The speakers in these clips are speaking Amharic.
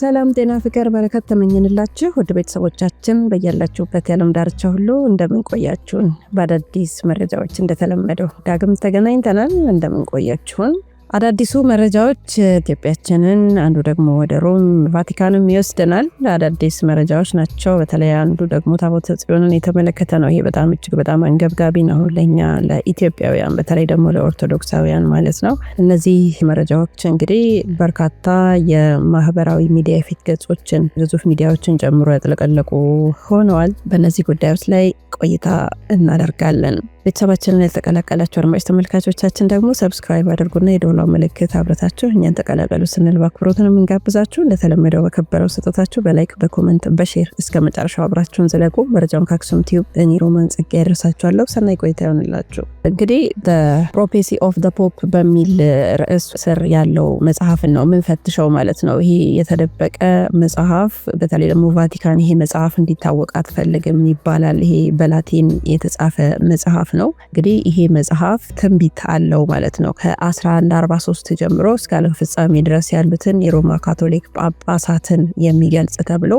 ሰላም ጤና ፍቅር በረከት ተመኝንላችሁ ወደ ቤተሰቦቻችን በያላችሁበት የዓለም ዳርቻ ሁሉ እንደምንቆያችሁን በአዳዲስ መረጃዎች እንደተለመደው ዳግም ተገናኝተናል። እንደምንቆያችሁን አዳዲሱ መረጃዎች ኢትዮጵያችንን አንዱ ደግሞ ወደ ሮም ቫቲካንም ይወስደናል። አዳዲስ መረጃዎች ናቸው። በተለይ አንዱ ደግሞ ታቦተ ጽዮንን የተመለከተ ነው። ይሄ በጣም እጅግ በጣም አንገብጋቢ ነው ለኛ ለኢትዮጵያውያን፣ በተለይ ደግሞ ለኦርቶዶክሳውያን ማለት ነው። እነዚህ መረጃዎች እንግዲህ በርካታ የማህበራዊ ሚዲያ የፊት ገጾችን ግዙፍ ሚዲያዎችን ጨምሮ ያጥለቀለቁ ሆነዋል። በእነዚህ ጉዳዮች ላይ ቆይታ እናደርጋለን። ቤተሰባችንን የተቀላቀላቸው አድማጭ ተመልካቾቻችን ደግሞ ሰብስክራይብ አድርጉና የደውሏ ምልክት አብረታችሁ እኛን ተቀላቀሉ ስንል ነው የምንጋብዛችሁ እንደተለመደው በከበረው ስጦታችሁ በላይክ በኮመንት በሼር እስከ መጨረሻው አብራችሁን ዝለቁ። መረጃውን ከአክሱም ቲዩብ እኔ ሮማን ጽጌ ያደርሳችኋለሁ። ሰናይ ቆይታ ይሆንላችሁ። እንግዲህ ፕሮፌሲ ኦፍ ደ ፖፕ በሚል ርዕስ ስር ያለው መጽሐፍን ነው የምንፈትሸው ማለት ነው። ይሄ የተደበቀ መጽሐፍ በተለይ ደግሞ ቫቲካን ይሄ መጽሐፍ እንዲታወቅ አትፈልግም ይባላል። ይሄ በላቲን የተጻፈ መጽሐፍ ነው። እንግዲህ ይሄ መጽሐፍ ትንቢት አለው ማለት ነው። ከ1143 ጀምሮ እስከ ዓለም ፍጻሜ ድረስ ያሉትን የሮማ ካቶሊክ ጳጳሳትን የሚገልጽ ተብሎ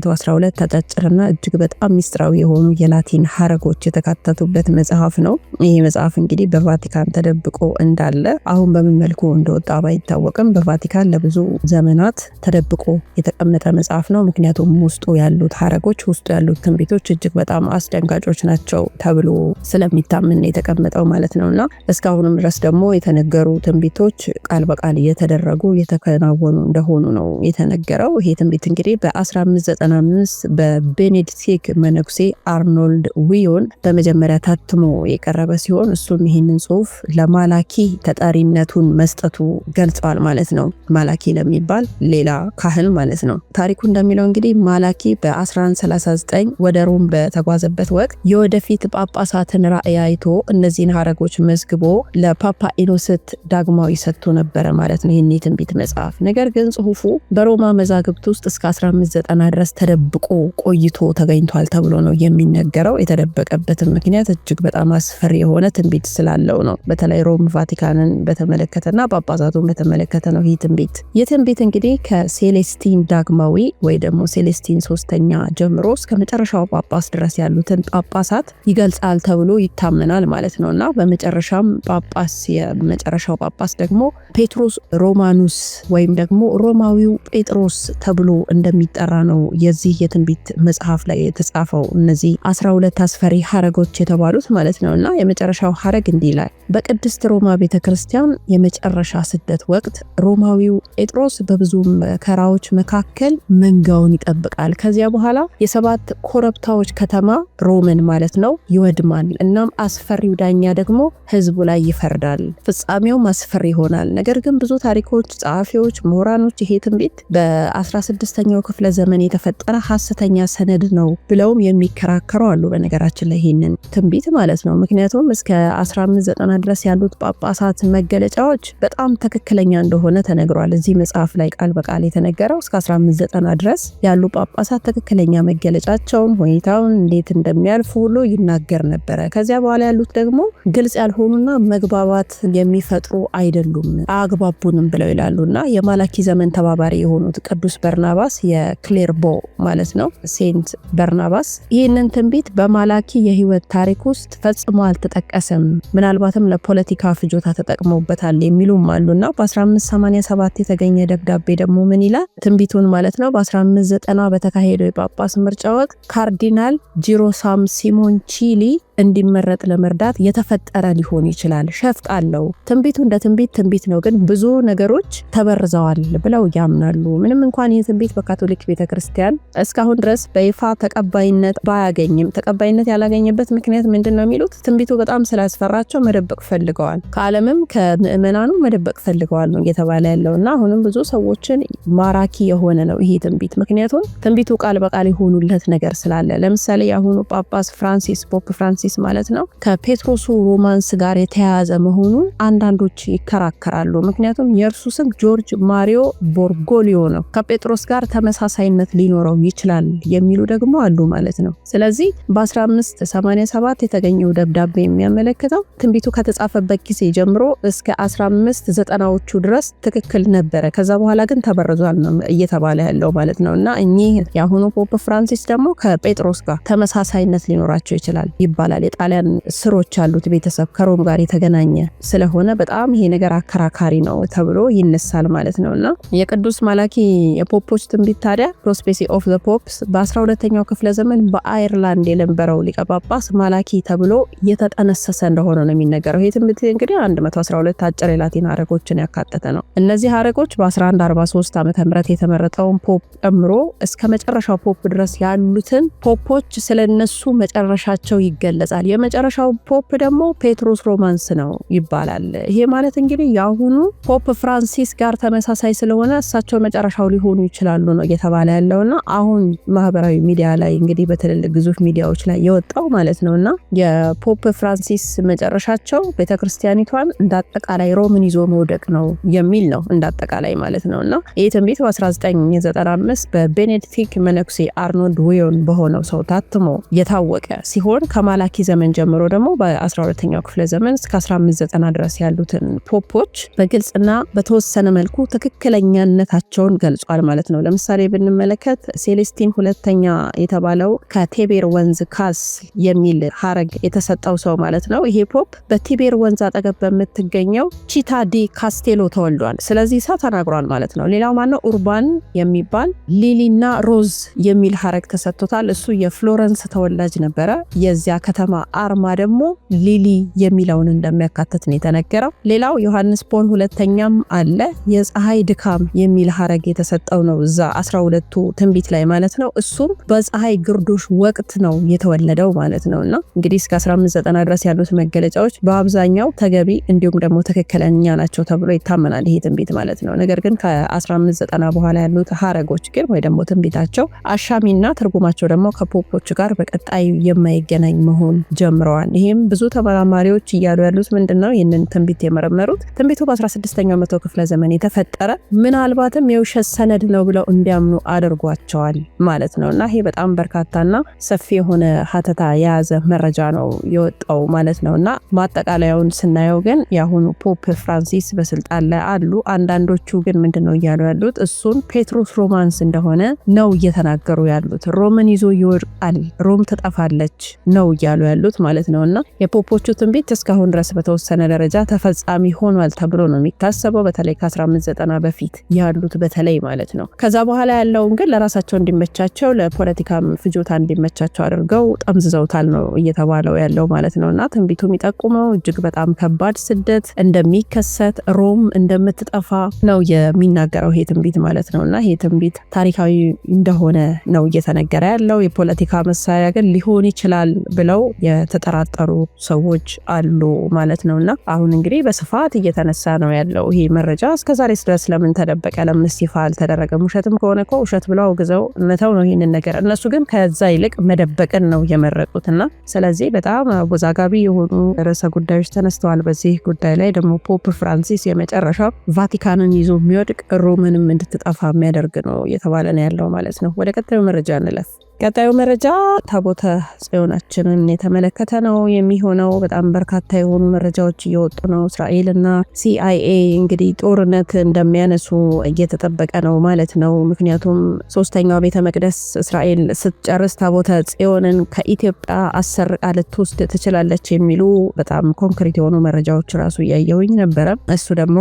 112 አጫጭርና እጅግ በጣም ሚስጥራዊ የሆኑ የላቲን ሀረጎች የተካተቱበት መጽሐፍ ነው። ይህ መጽሐፍ እንግዲህ በቫቲካን ተደብቆ እንዳለ አሁን በምን መልኩ እንደወጣ ባይታወቅም በቫቲካን ለብዙ ዘመናት ተደብቆ የተቀመጠ መጽሐፍ ነው። ምክንያቱም ውስጡ ያሉት ሀረጎች፣ ውስጡ ያሉት ትንቢቶች እጅግ በጣም አስደንጋጮች ናቸው ተብሎ ስለሚታምን የተቀመጠው ማለት ነው እና እስካሁንም ድረስ ደግሞ የተነገሩ ትንቢቶች ቃል በቃል እየተደረጉ እየተከናወኑ እንደሆኑ ነው የተነገረው። ይሄ ትንቢት እንግዲህ በ1595 በቤኔዲክት መነኩሴ አርኖልድ ዊዮን በመጀመሪያ ታትሞ የቀረበ ሲሆን እሱም ይህንን ጽሁፍ ለማላኪ ተጠሪነቱን መስጠቱ ገልጿል ማለት ነው። ማላኪ ለሚባል ሌላ ካህን ማለት ነው። ታሪኩ እንደሚለው እንግዲህ ማላኪ በ1139 ወደ ሮም በተጓዘበት ወቅት የወደፊት ጳጳሳትን ራእይ አይቶ እነዚህን ሀረጎች መዝግቦ ለፓፓ ኢኖስት ዳግማዊ ሰጥቶ ነበረ ማለት ነው ይህን የትንቢት መጽሐፍ። ነገር ግን ጽሁፉ በሮማ መዛግብት ውስጥ እስከ 1590 ድረስ ተደብቆ ቆይቶ ተገኝቷል ተብሎ ነው የሚነገረው። የተደበቀበትን ምክንያት እጅግ በጣም አስፈሪ የሆነ የሆነ ትንቢት ስላለው ነው። በተለይ ሮም ቫቲካንን በተመለከተና ጳጳሳቱን በተመለከተ ነው ይህ ትንቢት። ይህ ትንቢት እንግዲህ ከሴሌስቲን ዳግማዊ ወይ ደግሞ ሴሌስቲን ሶስተኛ ጀምሮ እስከ መጨረሻው ጳጳስ ድረስ ያሉትን ጳጳሳት ይገልጻል ተብሎ ይታመናል ማለት ነው እና በመጨረሻም ጳጳስ የመጨረሻው ጳጳስ ደግሞ ጴጥሮስ ሮማኑስ ወይም ደግሞ ሮማዊው ጴጥሮስ ተብሎ እንደሚጠራ ነው የዚህ የትንቢት መጽሐፍ ላይ የተጻፈው እነዚህ 12 አስፈሪ ሀረጎች የተባሉት ማለት ነው እና የመጨረሻው ሐረግ እንዲህ ይላል። በቅድስት ሮማ ቤተ ክርስቲያን የመጨረሻ ስደት ወቅት ሮማዊው ጴጥሮስ በብዙ መከራዎች መካከል መንጋውን ይጠብቃል። ከዚያ በኋላ የሰባት ኮረብታዎች ከተማ ሮምን ማለት ነው ይወድማል። እናም አስፈሪው ዳኛ ደግሞ ህዝቡ ላይ ይፈርዳል። ፍጻሜውም አስፈሪ ይሆናል። ነገር ግን ብዙ ታሪኮች፣ ጸሐፊዎች፣ ምሁራኖች ይሄ ትንቢት በ16ኛው ክፍለ ዘመን የተፈጠረ ሐሰተኛ ሰነድ ነው ብለውም የሚከራከሩ አሉ። በነገራችን ላይ ይህንን ትንቢት ማለት ነው ምክንያቱም እስከ 1590 ድረስ ያሉት ጳጳሳት መገለጫዎች በጣም ትክክለኛ እንደሆነ ተነግሯል። እዚህ መጽሐፍ ላይ ቃል በቃል የተነገረው እስከ 1590 ድረስ ያሉ ጳጳሳት ትክክለኛ መገለጫቸውን፣ ሁኔታውን እንዴት እንደሚያልፉ ሁሉ ይናገር ነበረ። ከዚያ በኋላ ያሉት ደግሞ ግልጽ ያልሆኑና መግባባት የሚፈጥሩ አይደሉም፣ አግባቡንም ብለው ይላሉ እና የማላኪ ዘመን ተባባሪ የሆኑት ቅዱስ በርናባስ የክሌርቦ ማለት ነው ሴንት በርናባስ ይህንን ትንቢት በማላኪ የህይወት ታሪክ ውስጥ ፈጽሞ አልተጠቀ አይጠቀስም፣ ምናልባትም ለፖለቲካ ፍጆታ ተጠቅመውበታል የሚሉም አሉና በ1587 የተገኘ ደብዳቤ ደግሞ ምን ይላል? ትንቢቱን ማለት ነው። በ1590 በተካሄደው የጳጳስ ምርጫ ወቅት ካርዲናል ጂሮሳም ሲሞን ቺሊ እንዲመረጥ ለመርዳት የተፈጠረ ሊሆን ይችላል። ሸፍጥ አለው። ትንቢቱ እንደ ትንቢት ትንቢት ነው፣ ግን ብዙ ነገሮች ተበርዘዋል ብለው ያምናሉ። ምንም እንኳን ይህ ትንቢት በካቶሊክ ቤተክርስቲያን እስካሁን ድረስ በይፋ ተቀባይነት ባያገኝም፣ ተቀባይነት ያላገኘበት ምክንያት ምንድን ነው የሚሉት ትንቢቱ በጣም በጣም ስላስፈራቸው መደበቅ ፈልገዋል። ከዓለምም ከምእመናኑ መደበቅ ፈልገዋል ነው እየተባለ ያለው እና አሁንም ብዙ ሰዎችን ማራኪ የሆነ ነው ይሄ ትንቢት። ምክንያቱም ትንቢቱ ቃል በቃል የሆኑለት ነገር ስላለ ለምሳሌ የአሁኑ ጳጳስ ፍራንሲስ ፖፕ ፍራንሲስ ማለት ነው ከፔትሮሱ ሮማንስ ጋር የተያያዘ መሆኑን አንዳንዶች ይከራከራሉ። ምክንያቱም የእርሱ ስም ጆርጅ ማሪዮ ቦርጎሊዮ ነው ከጴጥሮስ ጋር ተመሳሳይነት ሊኖረው ይችላል የሚሉ ደግሞ አሉ ማለት ነው። ስለዚህ በ1587 የተገኘው ደብዳቤ የሚያመለክተው ትንቢቱ ከተጻፈበት ጊዜ ጀምሮ እስከ 15 ዘጠናዎቹ ድረስ ትክክል ነበረ። ከዛ በኋላ ግን ተበረዟል ነው እየተባለ ያለው ማለት ነው። እና እኚህ የአሁኑ ፖፕ ፍራንሲስ ደግሞ ከጴጥሮስ ጋር ተመሳሳይነት ሊኖራቸው ይችላል ይባላል። የጣሊያን ስሮች ያሉት ቤተሰብ ከሮም ጋር የተገናኘ ስለሆነ በጣም ይሄ ነገር አከራካሪ ነው ተብሎ ይነሳል ማለት ነው እና የቅዱስ ማላኪ የፖፖች ትንቢት ታዲያ ፕሮስፔሲ ኦፍ ዘ ፖፕስ በ12ኛው ክፍለ ዘመን በአይርላንድ የነበረው ሊቀ ጳጳስ ማላኪ ተብሎ የተጠ ያነሰሰ እንደሆነ ነው የሚነገረው። ይህ ትንቢት እንግዲህ 112 አጭር የላቲን ሀረጎችን ያካተተ ነው። እነዚህ ሀረጎች በ1143 ዓ ም የተመረጠውን ፖፕ ጨምሮ እስከ መጨረሻው ፖፕ ድረስ ያሉትን ፖፖች ስለነሱ መጨረሻቸው ይገለጻል። የመጨረሻው ፖፕ ደግሞ ፔትሮስ ሮማንስ ነው ይባላል። ይሄ ማለት እንግዲህ የአሁኑ ፖፕ ፍራንሲስ ጋር ተመሳሳይ ስለሆነ እሳቸው መጨረሻው ሊሆኑ ይችላሉ ነው እየተባለ ያለውና አሁን ማህበራዊ ሚዲያ ላይ እንግዲህ በትልልቅ ግዙፍ ሚዲያዎች ላይ የወጣው ማለት ነውና የፖፕ ፍራ ፍራንሲስ መጨረሻቸው ቤተክርስቲያኒቷን ክርስቲያኒቷን እንደ አጠቃላይ ሮምን ይዞ መውደቅ ነው የሚል ነው፣ እንደ አጠቃላይ ማለት ነው። እና ይህ ትንቢት በ1995 በቤኔዲክት መነኩሴ አርኖልድ ዌዮን በሆነው ሰው ታትሞ የታወቀ ሲሆን ከማላኪ ዘመን ጀምሮ ደግሞ በ12ኛው ክፍለ ዘመን እስከ 1590 ድረስ ያሉትን ፖፖች በግልጽና በተወሰነ መልኩ ትክክለኛነታቸውን ገልጿል ማለት ነው። ለምሳሌ ብንመለከት ሴሌስቲን ሁለተኛ የተባለው ከቴቤር ወንዝ ካስ የሚል ሀረግ የተሰጠው ሰው ማለት ነው። ይሄ ፖፕ በቲቤር ወንዝ አጠገብ በምትገኘው ቺታ ዲ ካስቴሎ ተወልዷል። ስለዚህ ሳ ተናግሯል ማለት ነው። ሌላው ማነው? ኡርባን የሚባል ሊሊና ሮዝ የሚል ሀረግ ተሰጥቶታል። እሱ የፍሎረንስ ተወላጅ ነበረ። የዚያ ከተማ አርማ ደግሞ ሊሊ የሚለውን እንደሚያካትት ነው የተነገረው። ሌላው ዮሐንስ ፖል ሁለተኛም አለ። የፀሐይ ድካም የሚል ሀረግ የተሰጠው ነው እዛ 12ቱ ትንቢት ላይ ማለት ነው። እሱም በፀሐይ ግርዶሽ ወቅት ነው የተወለደው ማለት ነው እና እንግዲህ እስከ 159 ድረስ ድረስ ያሉት መገለጫዎች በአብዛኛው ተገቢ እንዲሁም ደግሞ ትክክለኛ ናቸው ተብሎ ይታመናል። ይሄ ትንቢት ማለት ነው። ነገር ግን ከ1590 በኋላ ያሉት ሀረጎች ግን ወይ ደግሞ ትንቢታቸው አሻሚና ትርጉማቸው ደግሞ ከፖፖች ጋር በቀጣይ የማይገናኝ መሆን ጀምረዋል። ይህም ብዙ ተመራማሪዎች እያሉ ያሉት ምንድን ነው? ይህንን ትንቢት የመረመሩት ትንቢቱ በ16ኛው መቶ ክፍለ ዘመን የተፈጠረ ምናልባትም የውሸት ሰነድ ነው ብለው እንዲያምኑ አድርጓቸዋል ማለት ነው እና ይሄ በጣም በርካታና ሰፊ የሆነ ሀተታ የያዘ መረጃ ነው የወጣው ማለት ነው እና ማጠቃለያውን ስናየው ግን የአሁኑ ፖፕ ፍራንሲስ በስልጣን ላይ አሉ። አንዳንዶቹ ግን ምንድነው ነው እያሉ ያሉት እሱን ፔትሮስ ሮማንስ እንደሆነ ነው እየተናገሩ ያሉት። ሮምን ይዞ ይወድቃል፣ ሮም ትጠፋለች ነው እያሉ ያሉት ማለት ነው እና የፖፖቹ ትንቢት እስካሁን ድረስ በተወሰነ ደረጃ ተፈጻሚ ሆኗል ተብሎ ነው የሚታሰበው። በተለይ ከ1590 በፊት ያሉት በተለይ ማለት ነው። ከዛ በኋላ ያለውን ግን ለራሳቸው እንዲመቻቸው ለፖለቲካ ፍጆታ እንዲመቻቸው አድርገው ጠምዝዘውታል ነው እየተባለው ያለው ማለት ነው። ነውና ትንቢቱ የሚጠቁመው እጅግ በጣም ከባድ ስደት እንደሚከሰት ሮም እንደምትጠፋ ነው የሚናገረው ይሄ ትንቢት ማለት ነው። ይሄ ትንቢት ታሪካዊ እንደሆነ ነው እየተነገረ ያለው። የፖለቲካ መሳሪያ ግን ሊሆን ይችላል ብለው የተጠራጠሩ ሰዎች አሉ ማለት ነውና አሁን እንግዲህ በስፋት እየተነሳ ነው ያለው ይሄ መረጃ። እስከዛሬ ድረስ ለምን ተደበቀ? ለምን ይፋ አልተደረገም? ውሸትም ከሆነ እኮ ውሸት ብለው አውግዘው መተው ነው ይህንን ነገር። እነሱ ግን ከዛ ይልቅ መደበቅን ነው የመረጡት። እና ስለዚህ በጣም አወዛጋቢ አንገብጋቢ የሆኑ ርዕሰ ጉዳዮች ተነስተዋል። በዚህ ጉዳይ ላይ ደግሞ ፖፕ ፍራንሲስ የመጨረሻው ቫቲካንን ይዞ የሚወድቅ ሮምንም እንድትጠፋ የሚያደርግ ነው እየተባለ ነው ያለው ማለት ነው። ወደ ቀጣዩ መረጃ እንለፍ። ቀጣዩ መረጃ ታቦተ ጽዮናችንን የተመለከተ ነው የሚሆነው። በጣም በርካታ የሆኑ መረጃዎች እየወጡ ነው። እስራኤልና ሲአይኤ እንግዲህ ጦርነት እንደሚያነሱ እየተጠበቀ ነው ማለት ነው። ምክንያቱም ሶስተኛው ቤተ መቅደስ እስራኤል ስትጨርስ ታቦተ ጽዮንን ከኢትዮጵያ አሰርቃ ልትወስድ ትችላለች የሚሉ በጣም ኮንክሪት የሆኑ መረጃዎች ራሱ እያየውኝ ነበረ። እሱ ደግሞ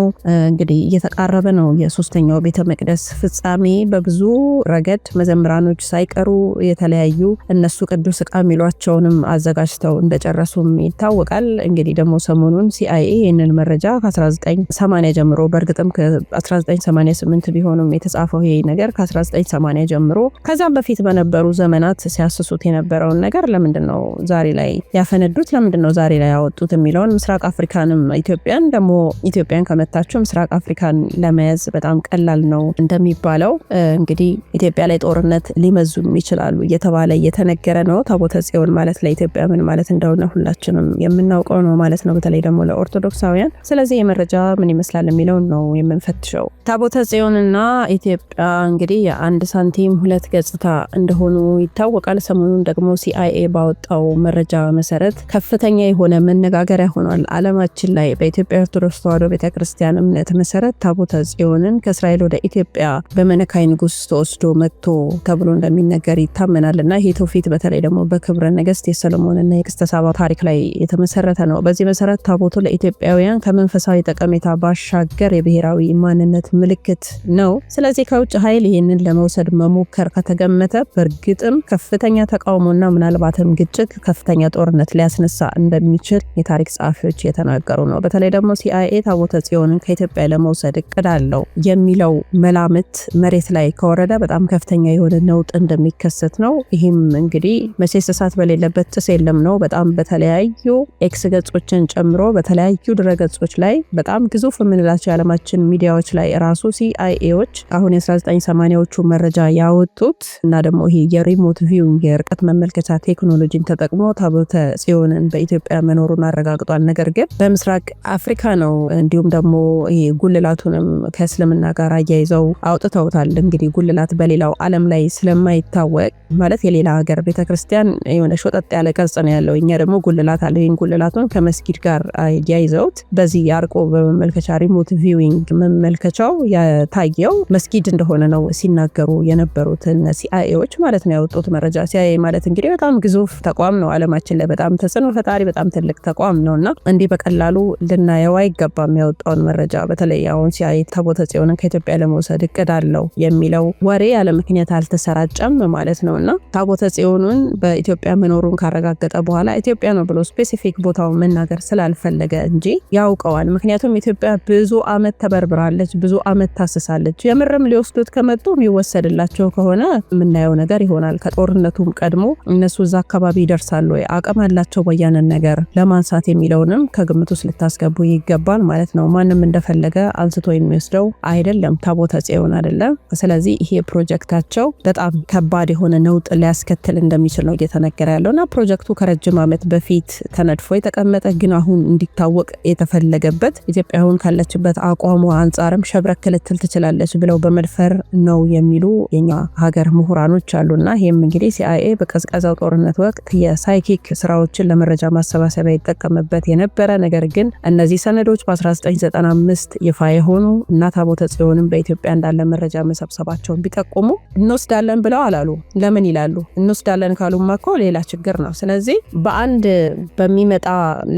እንግዲህ እየተቃረበ ነው። የሶስተኛው ቤተ መቅደስ ፍጻሜ በብዙ ረገድ መዘምራኖች ሳይቀሩ የተለያዩ እነሱ ቅዱስ እቃ የሚሏቸውንም አዘጋጅተው እንደጨረሱም ይታወቃል። እንግዲህ ደግሞ ሰሞኑን ሲአይኤ ይህንን መረጃ ከ1980 ጀምሮ በእርግጥም ከ1988 ቢሆንም የተጻፈው ይሄ ነገር ከ1980 ጀምሮ ከዛም በፊት በነበሩ ዘመናት ሲያስሱት የነበረውን ነገር ለምንድን ነው ዛሬ ላይ ያፈነዱት? ለምንድን ነው ዛሬ ላይ ያወጡት የሚለውን ምስራቅ አፍሪካንም ኢትዮጵያን ደግሞ ኢትዮጵያን ከመታችው ምስራቅ አፍሪካን ለመያዝ በጣም ቀላል ነው እንደሚባለው እንግዲህ ኢትዮጵያ ላይ ጦርነት ሊመዙም ይችላሉ ይችላሉ እየተባለ እየተነገረ ነው። ታቦተ ጽዮን ማለት ለኢትዮጵያ ምን ማለት እንደሆነ ሁላችንም የምናውቀው ነው ማለት ነው፣ በተለይ ደግሞ ለኦርቶዶክሳውያን። ስለዚህ የመረጃ ምን ይመስላል የሚለውን ነው የምንፈትሸው። ታቦተ ጽዮንና ኢትዮጵያ እንግዲህ የአንድ ሳንቲም ሁለት ገጽታ እንደሆኑ ይታወቃል። ሰሞኑን ደግሞ ሲአይኤ ባወጣው መረጃ መሰረት ከፍተኛ የሆነ መነጋገሪያ ሆኗል። አለማችን ላይ በኢትዮጵያ ኦርቶዶክስ ተዋሕዶ ቤተክርስቲያን እምነት መሰረት ታቦተ ጽዮንን ከእስራኤል ወደ ኢትዮጵያ በመነካይ ንጉስ ተወስዶ መጥቶ ተብሎ እንደሚነገር ይታ ይታመናል እና ይሄ ትውፊት በተለይ ደግሞ በክብረ ነገስት የሰለሞን እና የቅስተ ሳባ ታሪክ ላይ የተመሰረተ ነው። በዚህ መሰረት ታቦቱ ለኢትዮጵያውያን ከመንፈሳዊ ጠቀሜታ ባሻገር የብሔራዊ ማንነት ምልክት ነው። ስለዚህ ከውጭ ኃይል ይህንን ለመውሰድ መሞከር ከተገመተ በእርግጥም ከፍተኛ ተቃውሞና ምናልባትም ግጭት፣ ከፍተኛ ጦርነት ሊያስነሳ እንደሚችል የታሪክ ጸሐፊዎች እየተናገሩ ነው። በተለይ ደግሞ ሲአይኤ ታቦተ ጽዮንን ከኢትዮጵያ ለመውሰድ እቅድ አለው የሚለው መላምት መሬት ላይ ከወረደ በጣም ከፍተኛ የሆነ ነውጥ እንደሚከሰት ማለት ነው። ይህም እንግዲህ መቼስ እሳት በሌለበት ጭስ የለም ነው። በጣም በተለያዩ ኤክስ ገጾችን ጨምሮ በተለያዩ ድረ ገጾች ላይ በጣም ግዙፍ የምንላቸው የዓለማችን ሚዲያዎች ላይ ራሱ ሲአይኤዎች አሁን የ1980ዎቹ መረጃ ያወጡት እና ደግሞ ይሄ የሪሞት ቪው የርቀት መመልከቻ ቴክኖሎጂን ተጠቅሞ ታቦተ ጽዮንን በኢትዮጵያ መኖሩን አረጋግጧል። ነገር ግን በምስራቅ አፍሪካ ነው። እንዲሁም ደግሞ ጉልላቱንም ከእስልምና ጋር አያይዘው አውጥተውታል። እንግዲህ ጉልላት በሌላው ዓለም ላይ ስለማይታወቅ ማለት የሌላ ሀገር ቤተክርስቲያን የሆነ ሾጠጥ ያለ ቅርጽ ነው ያለው፣ እኛ ደግሞ ጉልላት አለ። ይህን ጉልላቱን ከመስጊድ ጋር ያይዘውት በዚህ የአርቆ በመመልከቻ ሪሞት ቪዊንግ መመልከቻው የታየው መስጊድ እንደሆነ ነው ሲናገሩ የነበሩት ሲአኤዎች ማለት ነው ያወጡት መረጃ። ሲአኤ ማለት እንግዲህ በጣም ግዙፍ ተቋም ነው አለማችን ላይ በጣም ተጽዕኖ ፈጣሪ በጣም ትልቅ ተቋም ነው እና እንዲህ በቀላሉ ልናየው አይገባም። ያወጣውን መረጃ በተለይ አሁን ሲአኤ ታቦተ ጽዮንን ከኢትዮጵያ ለመውሰድ እቅድ አለው የሚለው ወሬ ያለ ምክንያት አልተሰራጨም ማለት ነው። ነው እና ታቦተ ጽዮኑን በኢትዮጵያ መኖሩን ካረጋገጠ በኋላ ኢትዮጵያ ነው ብሎ ስፔሲፊክ ቦታው መናገር ስላልፈለገ እንጂ ያውቀዋል። ምክንያቱም ኢትዮጵያ ብዙ አመት ተበርብራለች፣ ብዙ አመት ታስሳለች። የምርም ሊወስዱት ከመጡ የሚወሰድላቸው ከሆነ የምናየው ነገር ይሆናል። ከጦርነቱም ቀድሞ እነሱ እዛ አካባቢ ይደርሳሉ ወይ አቅም አላቸው ወያንን ነገር ለማንሳት የሚለውንም ከግምት ውስጥ ልታስገቡ ይገባል ማለት ነው። ማንም እንደፈለገ አንስቶ የሚወስደው አይደለም፣ ታቦተ ጽዮን አይደለም። ስለዚህ ይሄ ፕሮጀክታቸው በጣም ከባድ የሆነ ነውጥ ሊያስከትል እንደሚችል ነው እየተነገረ ያለው ፕሮጀክቱ ከረጅም ዓመት በፊት ተነድፎ የተቀመጠ ግን አሁን እንዲታወቅ የተፈለገበት ኢትዮጵያ አሁን ካለችበት አቋሟ አንጻርም ሸብረክ ልትል ትችላለች ብለው በመድፈር ነው የሚሉ የኛ ሀገር ምሁራኖች አሉና ይህም እንግዲህ ሲአይኤ በቀዝቀዛው ጦርነት ወቅት የሳይኪክ ስራዎችን ለመረጃ ማሰባሰቢያ ይጠቀምበት የነበረ ነገር ግን እነዚህ ሰነዶች በ1995 ይፋ የሆኑ እና ታቦተ ጽዮንም በኢትዮጵያ እንዳለ መረጃ መሰብሰባቸውን ቢጠቁሙ እንወስዳለን ብለው አላሉ። ምን ይላሉ። እንወስዳለን ካሉማ እኮ ሌላ ችግር ነው። ስለዚህ በአንድ በሚመጣ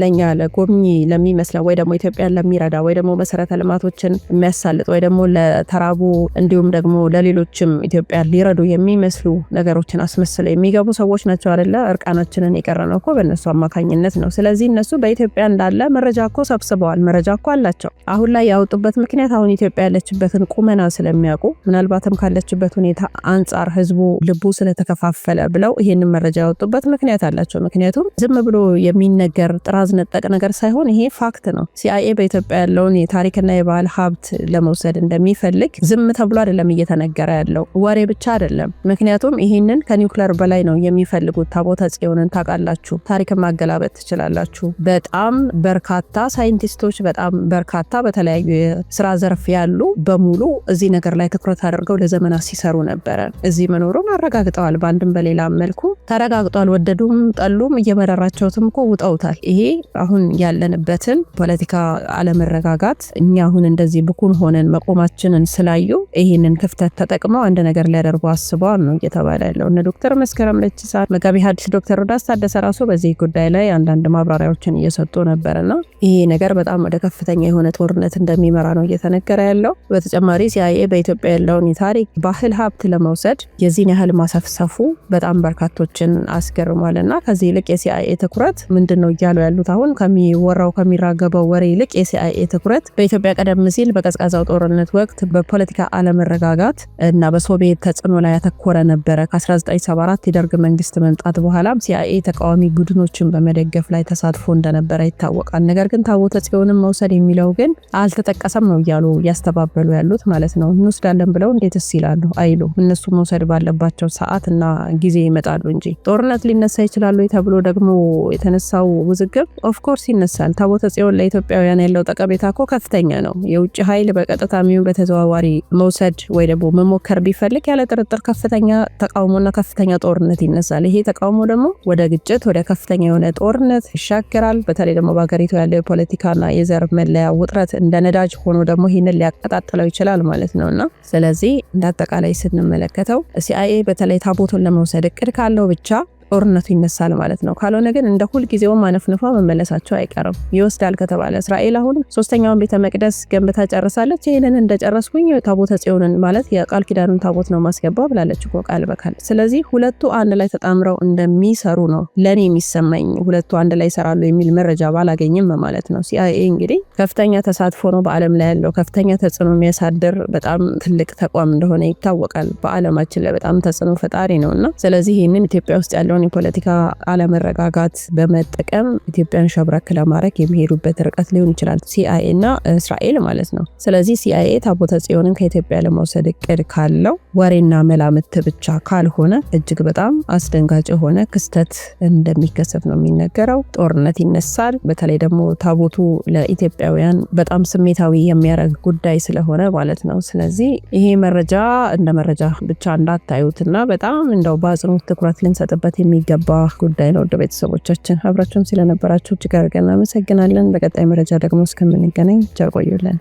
ለኛ ለጎብኚ ለሚመስለው ወይ ደግሞ ኢትዮጵያን ለሚረዳ ወይ ደግሞ መሰረተ ልማቶችን የሚያሳልጥ ወይ ደግሞ ለተራቡ እንዲሁም ደግሞ ለሌሎችም ኢትዮጵያን ሊረዱ የሚመስሉ ነገሮችን አስመስለው የሚገቡ ሰዎች ናቸው አደለ? እርቃናችንን የቀረነው እኮ በእነሱ አማካኝነት ነው። ስለዚህ እነሱ በኢትዮጵያ እንዳለ መረጃ እኮ ሰብስበዋል፣ መረጃ እኮ አላቸው። አሁን ላይ ያወጡበት ምክንያት አሁን ኢትዮጵያ ያለችበትን ቁመና ስለሚያውቁ ምናልባትም ካለችበት ሁኔታ አንጻር ህዝቡ ልቡ ስለ ስለተከፋፈለ ብለው ይህን መረጃ ያወጡበት ምክንያት አላቸው። ምክንያቱም ዝም ብሎ የሚነገር ጥራዝ ነጠቅ ነገር ሳይሆን ይሄ ፋክት ነው። ሲአይኤ በኢትዮጵያ ያለውን የታሪክና የባህል ሀብት ለመውሰድ እንደሚፈልግ ዝም ተብሎ አይደለም እየተነገረ ያለው ወሬ ብቻ አይደለም። ምክንያቱም ይህንን ከኒውክለር በላይ ነው የሚፈልጉት። ታቦተ ጽዮንን ታውቃላችሁ፣ ታሪክን ማገላበጥ ትችላላችሁ። በጣም በርካታ ሳይንቲስቶች፣ በጣም በርካታ በተለያዩ የስራ ዘርፍ ያሉ በሙሉ እዚህ ነገር ላይ ትኩረት አድርገው ለዘመናት ሲሰሩ ነበረ። እዚህ መኖሩን አረጋግጠ ተረጋግጠዋል። በአንድም በሌላ መልኩ ተረጋግጧል። ወደዱም ጠሉም እየመረራቸውትም እኮ ውጠውታል። ይሄ አሁን ያለንበትን ፖለቲካ አለመረጋጋት እኛ አሁን እንደዚህ ብኩን ሆነን መቆማችንን ስላዩ ይህንን ክፍተት ተጠቅመው አንድ ነገር ሊያደርጉ አስበዋል ነው እየተባለ ያለው። እነ ዶክተር መስከረም ለችሳ መጋቢ ሐዲስ ዶክተር ሮዳስ ታደሰ ራሱ በዚህ ጉዳይ ላይ አንዳንድ ማብራሪያዎችን እየሰጡ ነበርና ይሄ ነገር በጣም ወደ ከፍተኛ የሆነ ጦርነት እንደሚመራ ነው እየተነገረ ያለው። በተጨማሪ ሲአይኤ በኢትዮጵያ ያለውን የታሪክ ባህል ሀብት ለመውሰድ የዚህን ያህል ማሳፍ ሰፉ በጣም በርካቶችን አስገርሟል። እና ከዚህ ይልቅ የሲአይኤ ትኩረት ምንድን ነው እያሉ ያሉት አሁን ከሚወራው ከሚራገበው ወሬ ይልቅ የሲአይኤ ትኩረት በኢትዮጵያ ቀደም ሲል በቀዝቃዛው ጦርነት ወቅት በፖለቲካ አለመረጋጋት እና በሶቪየት ተጽዕኖ ላይ ያተኮረ ነበረ። ከ1974 የደርግ መንግስት መምጣት በኋላም ሲአይኤ ተቃዋሚ ቡድኖችን በመደገፍ ላይ ተሳትፎ እንደነበረ ይታወቃል። ነገር ግን ታቦተ ጽዮንን መውሰድ የሚለው ግን አልተጠቀሰም ነው እያሉ እያስተባበሉ ያሉት ማለት ነው። እንወስዳለን ብለው እንዴትስ ይላሉ አይሉ እነሱ መውሰድ ባለባቸው ሰዓት ሰዓትና ጊዜ ይመጣሉ እንጂ ጦርነት ሊነሳ ይችላሉ ተብሎ ደግሞ የተነሳው ውዝግብ ኦፍኮርስ ይነሳል። ታቦተ ጽዮን ለኢትዮጵያውያን ያለው ጠቀሜታ እኮ ከፍተኛ ነው። የውጭ ኃይል በቀጥታ የሚሆን በተዘዋዋሪ መውሰድ ወይ ደግሞ መሞከር ቢፈልግ ያለ ጥርጥር ከፍተኛ ተቃውሞና ከፍተኛ ጦርነት ይነሳል። ይሄ ተቃውሞ ደግሞ ወደ ግጭት፣ ወደ ከፍተኛ የሆነ ጦርነት ይሻገራል። በተለይ ደግሞ በሀገሪቱ ያለው የፖለቲካና የዘር መለያ ውጥረት እንደ ነዳጅ ሆኖ ደግሞ ይህንን ሊያቀጣጥለው ይችላል ማለት ነው እና ስለዚህ እንደ አጠቃላይ ስንመለከተው ሲአይኤ በተለይ ታቦቱን ለመውሰድ እቅድ ካለው ብቻ ጦርነቱ ይነሳል ማለት ነው። ካልሆነ ግን እንደ ሁልጊዜው ማነፍንፋ መመለሳቸው አይቀርም። ይወስዳል ከተባለ እስራኤል አሁን ሶስተኛውን ቤተ መቅደስ ገንብታ ጨርሳለች። ይህንን እንደጨረስኩኝ ታቦተ ጽዮንን ማለት የቃል ኪዳኑን ታቦት ነው ማስገባ ብላለች እኮ ቃል በቃል። ስለዚህ ሁለቱ አንድ ላይ ተጣምረው እንደሚሰሩ ነው ለእኔ የሚሰማኝ። ሁለቱ አንድ ላይ ይሰራሉ የሚል መረጃ ባላገኝም ማለት ነው። ሲአይኤ እንግዲህ ከፍተኛ ተሳትፎ ነው በዓለም ላይ ያለው ከፍተኛ ተጽዕኖ የሚያሳድር በጣም ትልቅ ተቋም እንደሆነ ይታወቃል። በዓለማችን ላይ በጣም ተጽዕኖ ፈጣሪ ነው እና ስለዚህ ይህንን ኢትዮጵያ ውስጥ ያለው የተፈጠረውን የፖለቲካ አለመረጋጋት በመጠቀም ኢትዮጵያን ሸብረክ ለማድረግ የሚሄዱበት ርቀት ሊሆን ይችላል፣ ሲአይኤ እና እስራኤል ማለት ነው። ስለዚህ ሲአይኤ ታቦተ ጽዮንን ከኢትዮጵያ ለመውሰድ እቅድ ካለው ወሬና መላምት ብቻ ካልሆነ እጅግ በጣም አስደንጋጭ የሆነ ክስተት እንደሚከሰት ነው የሚነገረው። ጦርነት ይነሳል። በተለይ ደግሞ ታቦቱ ለኢትዮጵያውያን በጣም ስሜታዊ የሚያደርግ ጉዳይ ስለሆነ ማለት ነው። ስለዚህ ይሄ መረጃ እንደ መረጃ ብቻ እንዳታዩትና በጣም እንደው በአጽንኦት ትኩረት ልንሰጥበት የሚገባ ጉዳይ ነው። ውድ ቤተሰቦቻችን አብራችሁን ስለነበራችሁ እጅግ አድርገን እናመሰግናለን። በቀጣይ መረጃ ደግሞ እስከምንገናኝ ቸር ቆዩልን።